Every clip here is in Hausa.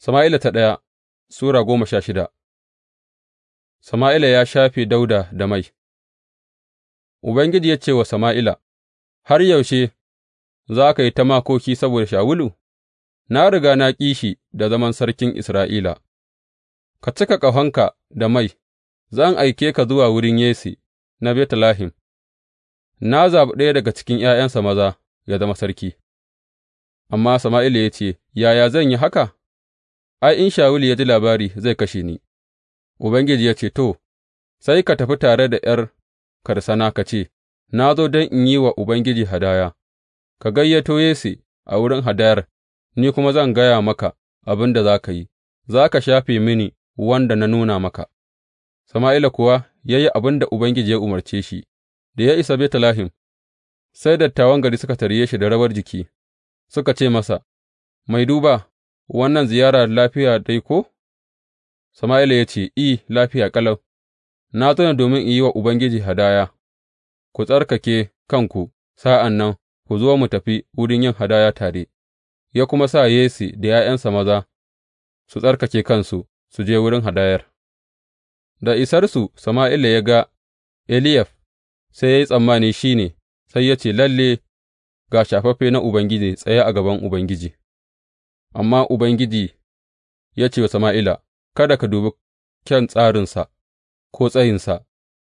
Sama'ila ta ɗaya Sura goma sha shida Sama'ila ya shafe Dauda da mai Ubangiji ya ce wa Sama'ila, Har yaushe za ka yi ta makoki saboda Shawulu, na riga na ƙi shi da zaman sarkin Isra'ila, ka cika ƙahonka da mai, zan aike ka zuwa wurin Yesse na Betlehem, na zaɓi ɗaya daga cikin ’ya'yansa maza ya zama sarki. Amma Sama'ila ya ce, Yaya zan yi haka? Ai, in Shawulu ya ji labari zai kashe ni, Ubangiji ya ce, To, sai ka tafi tare da ’yar karsana ka ce, Na zo don in yi wa Ubangiji hadaya, ka gayyato Yesse a wurin hadayar, ni kuma zan gaya maka abin da za ka yi, za ka shafe mini wanda na nuna maka. Sama'ila kuwa ya yi abin da Ubangiji ya umarce shi, da ya isa Betlehem, sai dattawan gari suka tarye shi da rawar jiki, suka ce masa, Mai duba, Wannan ziyarar lafiya dai ko? Sama'ila ya ce, I, lafiya ƙalau, na zo ne domin in yi wa Ubangiji hadaya, ku tsarkake kanku, sa'an nan ku zo mu tafi wurin yin hadaya tare, ya kuma sa Yesse da ’ya'yansa maza su tsarkake kansu su je wurin hadayar. Da isarsu, Sama'ila ya ga Eliyaf, sai ya yi tsammani shi ne, sai ya ce, Lalle, ga shafaffe na Ubangiji tsaye a gaban Ubangiji. Amma Ubangiji ya ce wa Sama'ila, Kada ka dubi kyan tsarinsa ko tsayinsa,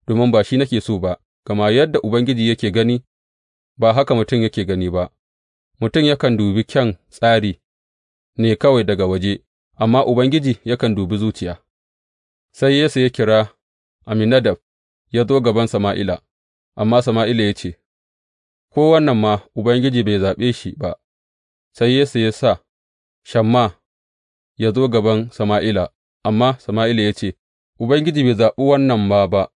domin ba shi nake so ba, gama yadda Ubangiji yake gani, ba haka mutum yake gani ba, mutum yakan dubi kyan tsari ne kawai daga waje, amma Ubangiji yakan dubi zuciya. Sai yesu ya kira Aminadab ya zo gaban Sama'ila, amma Sama'ila ya ce, Ko wannan ma Ubangiji bai zaɓe shi ba, sai yesu ya sa Shamma Ya zo gaban Sama'ila, amma Sama'ila ya ce, Ubangiji bai zaɓi wannan ma ba,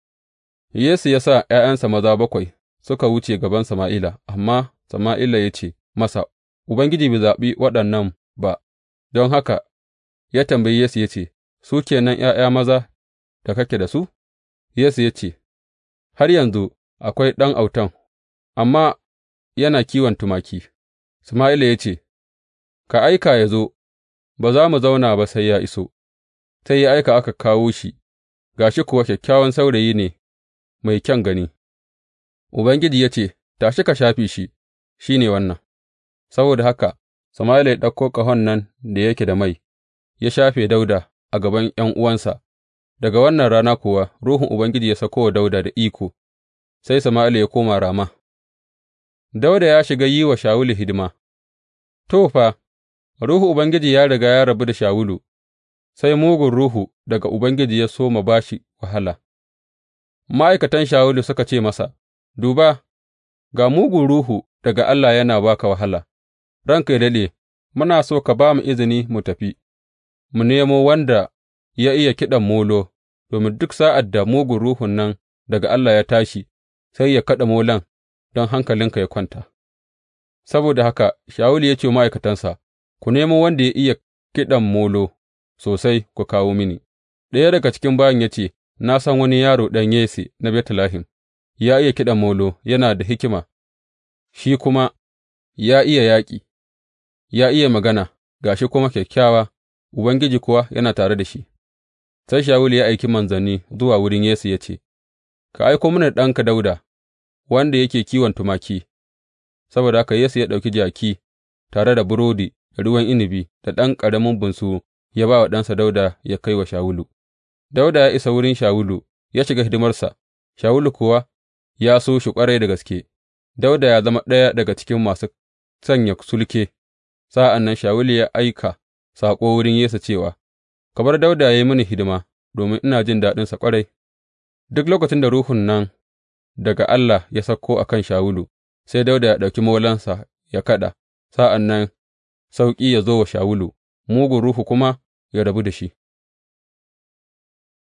Yesse ya sa ’ya'yansa maza bakwai suka wuce gaban Sama'ila, amma Sama'ila ya ce masa, Ubangiji bai zaɓi waɗannan ba, don haka ya tambayi Yesse ya ce, Su kenan ’ya'ya maza da kake da su? Yesse ya ce, Har yanzu akwai ɗan autan, amma yana kiwon tumaki. Sama'ila ya ce, Ka aika ya zo, ba za mu zauna ba sai ya iso, sai ya aika aka kawo shi, ga shi kuwa kyakkyawan saurayi ne mai kyan gani. Ubangiji ya ce, Tashi ka shafi shi, shi ne wannan, saboda haka Sama'ila ya ɗauko ƙahon nan da yake da mai, ya shafe Dauda a gaban 'yan uwansa, daga wannan rana kuwa Ruhun Ubangiji ya sako wa Dauda da iko, sai Sama'ila ya koma Rama. Dauda ya shiga yi wa Shawulu hidima To, fa, Ruhu Ubangiji ya riga ya rabu da Shawulu, sai mugun ruhu daga Ubangiji ya soma ba shi wahala, ma'aikatan Shawulu suka ce masa, Duba, ga mugun ruhu daga Allah yana ba ka wahala, ranka yă daɗe, muna so ka ba mu izini mu tafi, mu nemo wanda ya iya kiɗan molo, domin duk sa'ad da mugun ruhun nan daga Allah ya tashi, sai ya kaɗa molon don hankalinka ya kwanta. Saboda haka Shawulu ya ce ma'aikatansa. Ku nemo wanda ya iya kiɗan molo sosai ku kawo mini. Ɗaya daga cikin bayan ya ce, Na san wani yaro ɗan Yesse na Betlehem, ya iya kiɗan molo, yana da hikima, shi kuma ya iya yaƙi, ya iya magana, ga shi kuma kyakkyawa, Ubangiji kuwa yana tare da shi. Sai Shawulu ya aiki manzanni zuwa wurin Yesse ya ce, Ka aiko mana ɗanka Dauda. wanda yake kiwon tumaki, saboda haka Yesse ya ɗauki jaki tare da burodi ruwan inabi da ɗan ƙaramin bunsuru ya ba wa ɗansa Dawuda ya kai wa Shawulu. Dawuda ya isa wurin Shawulu ya shiga hidimarsa, Shawulu kuwa ya so shi ƙwarai da gaske, Dawuda ya zama ɗaya daga cikin masu sanya sulke, sa'an nan Shawulu ya aika saƙo wurin Yesu cewa, Ka bar Dawuda ya yi mini hidima, domin ina jin daɗinsa ƙwarai. Duk lokacin da ruhun nan daga Allah ya sauko a kan Shawulu, sai Dawuda ya ɗauki molansa ya kaɗa, sa'an nan sauƙi yă zo wa Shawulu, mugun ruhu kuma yă rabu da shi.